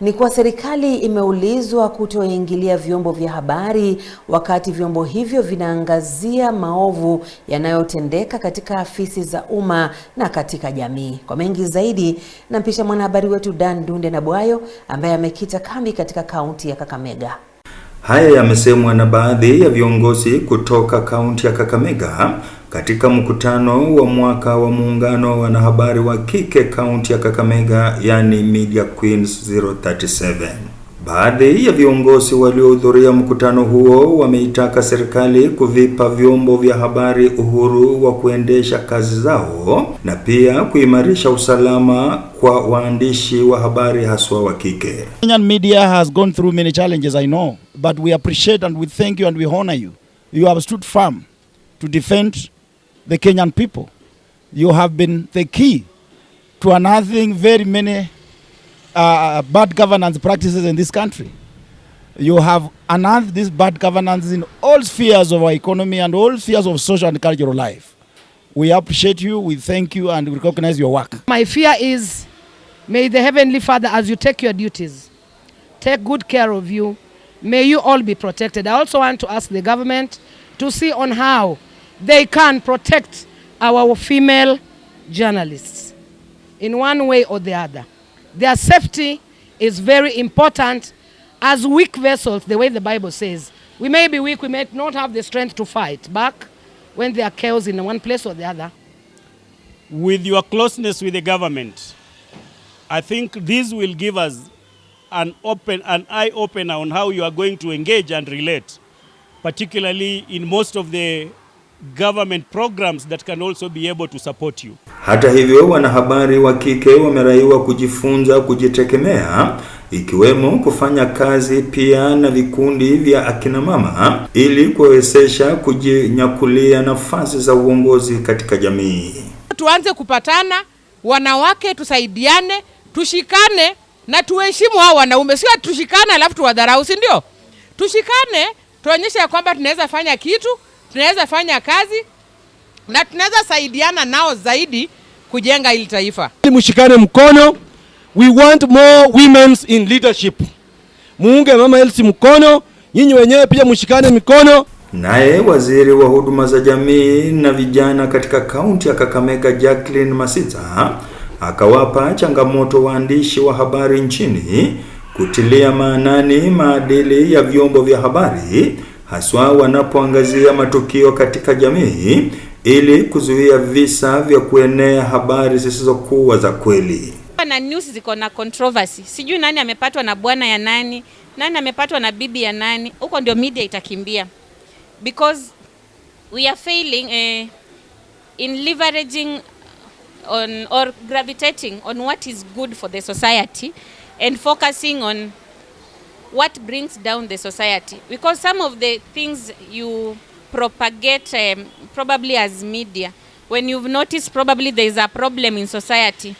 ni kuwa serikali imeulizwa kutoingilia vyombo vya habari wakati vyombo hivyo vinaangazia maovu yanayotendeka katika afisi za umma na katika jamii. Kwa mengi zaidi, nampisha mwanahabari wetu Dan Dunde na Bwayo ambaye amekita kambi katika kaunti ya Kakamega. Haya yamesemwa na baadhi ya viongozi kutoka kaunti ya Kakamega katika mkutano wa mwaka wa muungano wa wanahabari wa kike kaunti ya Kakamega, yani Media Queens 037. Baadhi ya viongozi waliohudhuria mkutano huo wameitaka serikali kuvipa vyombo vya habari uhuru wa kuendesha kazi zao na pia kuimarisha usalama kwa waandishi wa habari haswa wa kike. Kenyan media has gone through many challenges I know, but we appreciate and we thank you and we honor you. You have stood firm to defend the Kenyan people. You have been the key to unearthing very many uh, bad governance practices in this country. You have unearthed this bad governance in all spheres of our economy and all spheres of social and cultural life. We appreciate you, we thank you, and we recognize your work. My fear is, may the Heavenly Father, as you take your duties, take good care of you. May you all be protected. I also want to ask the government to see on how they can protect our female journalists in one way or the other. Their safety is very important as weak vessels, the way the Bible says. We may be weak, we may not have the strength to fight back when there are chaos in one place or the other. With your closeness with the government, I think this will give us an open an eye opener on how you are going to engage and relate particularly in most of the government programs that can also be able to support you. Hata hivyo, wanahabari wa kike wameraiwa kujifunza kujitegemea ikiwemo kufanya kazi pia na vikundi vya akina mama ili kuwezesha kujinyakulia nafasi za uongozi katika jamii. Tuanze kupatana wanawake, tusaidiane, tushikane na tuheshimu hao wanaume, sio tushikane alafu tuwadharau, si ndio? Tushikane tuonyeshe ya kwamba tunaweza fanya kitu tunaweza fanya kazi na tunaweza saidiana nao zaidi kujenga hili taifa. Mshikane mkono, we want more women in leadership. Muunge mama Elsie mkono, nyinyi wenyewe pia mshikane mikono. Naye waziri wa huduma za jamii na vijana katika kaunti ya Kakamega Jacqueline Masita akawapa changamoto waandishi wa habari nchini kutilia maanani maadili ya vyombo vya habari haswa wanapoangazia matukio katika jamii ili kuzuia visa vya kuenea habari zisizokuwa za kweli. Na news ziko na controversy, sijui nani amepatwa na bwana ya nani, nani amepatwa na bibi ya nani. Huko ndio media itakimbia because we are failing eh, in leveraging on or gravitating on what is good for the society and focusing on what brings down the society because some of the things you propagate um, probably as media when you've noticed probably there is a problem in society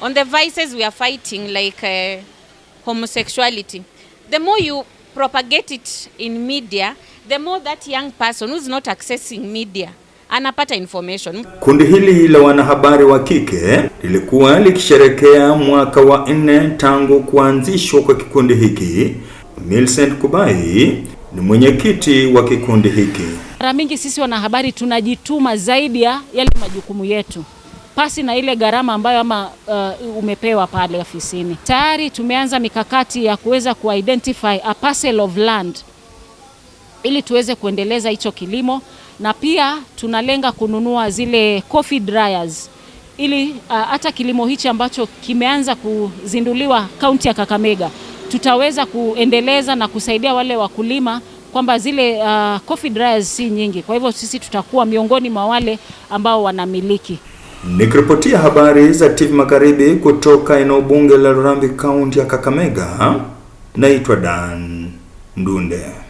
on the vices we are fighting like uh, homosexuality the more you propagate it in media the more that young person who's not accessing media anapata information. Kundi hili la wanahabari wa kike lilikuwa likisherekea mwaka wa nne tangu kuanzishwa kwa kikundi hiki. Millicent Kubai ni mwenyekiti wa kikundi hiki. Mara mingi sisi wanahabari tunajituma zaidi ya yale majukumu yetu pasi na ile gharama ambayo ama uh, umepewa pale ofisini. Tayari tumeanza mikakati ya kuweza kuidentify a parcel of land ili tuweze kuendeleza hicho kilimo na pia tunalenga kununua zile coffee dryers ili ah, hata uh, kilimo hichi ambacho kimeanza kuzinduliwa kaunti ya Kakamega tutaweza kuendeleza na kusaidia wale wakulima kwamba zile uh, coffee dryers si nyingi, kwa hivyo sisi tutakuwa miongoni mwa wale ambao wanamiliki. Nikiripotia habari za TV Magharibi kutoka eneo bunge la Rurambi kaunti ya Kakamega, naitwa Dan Ndunde.